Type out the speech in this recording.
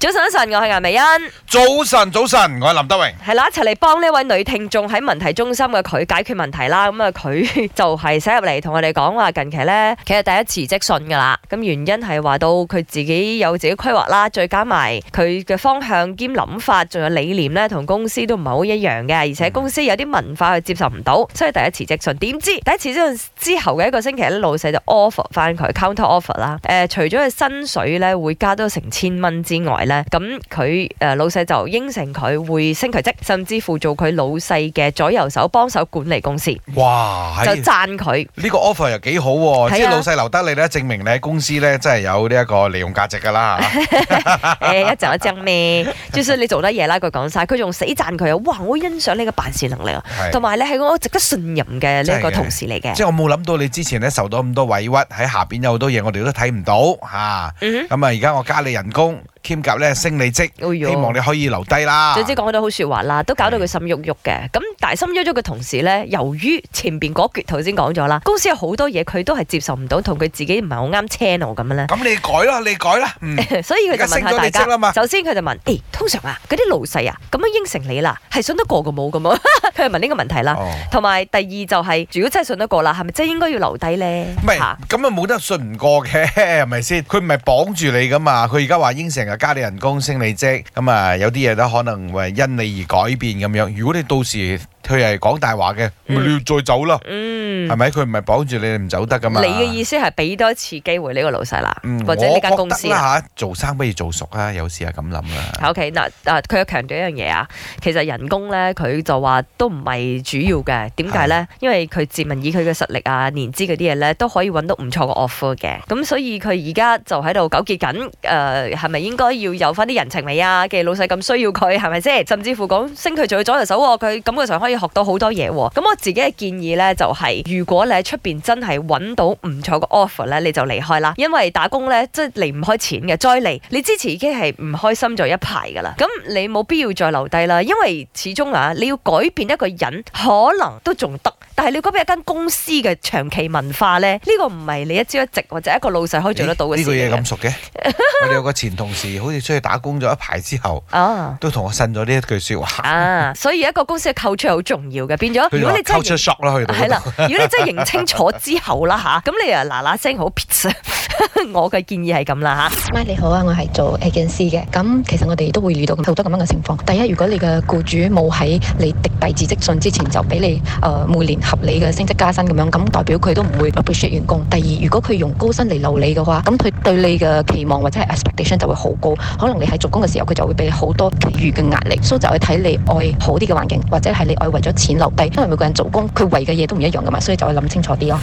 早晨，早晨，早晨，我係顏美欣。早晨，早晨，我係林德榮。係啦，一齊嚟幫呢位女聽眾喺問題中心嘅佢解決問題啦。咁啊，佢就係寫入嚟同我哋講話，近期咧其實第一辭職信噶啦。咁原因係話到佢自己有自己規劃啦，再加埋佢嘅方向兼諗法，仲有理念咧，同公司都唔係好一樣嘅，而且公司有啲文化佢接受唔到，所以第一辭職信。點知第一辭職信之後嘅一個星期咧，老細就 offer 翻佢 counter offer 啦。誒、er 呃，除咗佢薪水咧會加多成千蚊之外。咧咁佢誒老細就應承佢會升佢職，甚至乎做佢老細嘅左右手幫手管理公司。哇！就讚佢呢個 offer 又幾好，即係老細留得你咧，證明你喺公司咧真係有呢一個利用價值噶啦。一集一爭咩，就算你做得嘢啦，佢講晒，佢仲死讚佢啊！哇，我欣賞你嘅辦事能力，同埋你係我值得信任嘅呢一個同事嚟嘅。即係我冇諗到你之前咧受到咁多委屈喺下邊有好多嘢我哋都睇唔到吓。咁啊，而家我加你人工。兼夾咧升你職，希望你可以留低啦。總之講好多好説話啦，都搞到佢心喐喐嘅。咁但係心喐喐嘅同時咧，由於前邊嗰橛，頭先講咗啦，公司有好多嘢佢都係接受唔到，同佢自己唔係好啱 channel 咁樣咧。咁你改咯，你改啦。改嗯、 所以佢就問下大家。首先佢就問，誒家、欸，通常啊，嗰啲老細啊，咁樣應承你啦，係信得過嘅冇咁啊？佢係 問呢個問題啦。同埋、哦、第二就係、是，如果真係信得過啦，係咪真應該要留低咧？唔係是，咁啊冇得信唔過嘅，係咪先？佢唔係綁住你噶嘛？佢而家話應承。加你人工升你職，咁啊有啲嘢都可能會因你而改變咁樣。如果你到時佢係講大話嘅，咪你、嗯、再走啦。嗯嗯，係咪佢唔係綁住你唔走得㗎嘛？你嘅意思係俾多次機會呢個老細啦，或者呢間我 公司、啊、做生不如做熟啊，有時係咁諗啦。O K，嗱，佢又強調一樣嘢啊，其實人工呢，佢就話都唔係主要嘅，點解呢？ 因為佢自問以佢嘅實力啊、年資嗰啲嘢呢，都可以揾到唔錯嘅 offer 嘅。咁所以佢而家就喺度糾結緊，誒、呃，係咪應該要有翻啲人情味啊？嘅老細咁需要佢，係咪先？甚至乎講升佢做左右手、啊、喎，佢咁佢就可以學到好多嘢喎、啊。咁我自己嘅建議呢，就係、是。如果你喺出邊真係揾到唔錯嘅 offer 咧，你就離開啦。因為打工咧，即係離唔開錢嘅。再嚟，你之前已經係唔開心咗一排噶啦。咁你冇必要再留低啦。因為始終啊，你要改變一個人，可能都仲得。但係你嗰邊一間公司嘅長期文化咧，呢、這個唔係你一朝一夕或者一個老細可以做得到嘅事呢、欸這個嘢咁熟嘅， 我哋有個前同事，好似出去打工咗一排之後，啊、都同我呻咗呢一句說話。啊，所以一個公司嘅 culture 係好重要嘅，變咗還如果你真係，係啦、啊，如果你真係認清楚之後啦吓，咁、 啊、你啊嗱嗱聲好撇 我嘅建議係咁啦吓，MY 你好啊，我係做 agency 嘅，咁其實我哋都會遇到好多咁樣嘅情況。第一，如果你嘅雇主冇喺你遞低辭職信之前就俾你誒、呃、每年合理嘅升職加薪咁樣，咁代表佢都唔會 appreciate 員工。第二，如果佢用高薪嚟留你嘅話，咁佢對你嘅期望或者係 expectation 就會好高，可能你喺做工嘅時候佢就會俾好多其餘嘅壓力，所以就去睇你愛好啲嘅環境，或者係你愛為咗錢留低。因為每個人做工佢為嘅嘢都唔一樣噶嘛，所以就去諗清楚啲咯。